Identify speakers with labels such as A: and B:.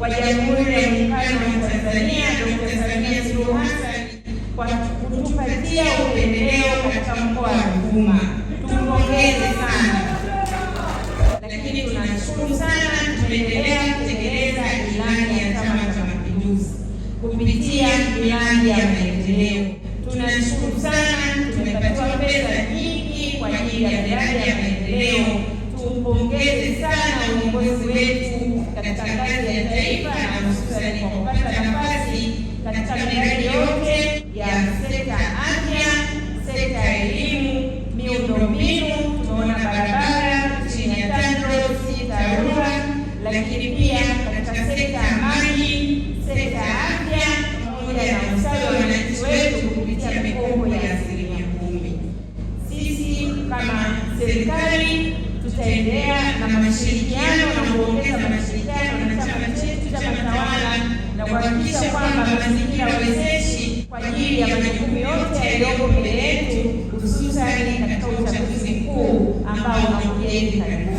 A: wa Jamhuri ya Muungano wa Tanzania Dkt. Samia Suluhu Hassan kwa kutupatia upendeleo katika mkoa wa Ruvuma. Tumpongeze sana, lakini tunashukuru sana. Tumeendelea kutekeleza ilani ya Chama cha Mapinduzi kupitia miradi ya maendeleo. Tunashukuru sana, tumepatiwa pesa nyingi kwa ajili ya miradi ya maendeleo. Tumpongeze sana uongozi wetu katika ngazi ya miundombinu, tumeona barabara chini ya TANROADS, TARURA, lakini pia katika sekta ya maji, sekta ya afya pamoja na ustawi wa wananchi wetu kupitia mikopo ya asilimia kumi. Sisi kama serikali tutaendelea na mashirikiano na kuongeza mashirikiano na chama chetu cha tawala na kuhakikisha kwamba mazingira wezeshi kwa ajili ya majukumu yote yaliyopo mbele vizuri katika uchaguzi mkuu ambao unakuja hivi karibuni.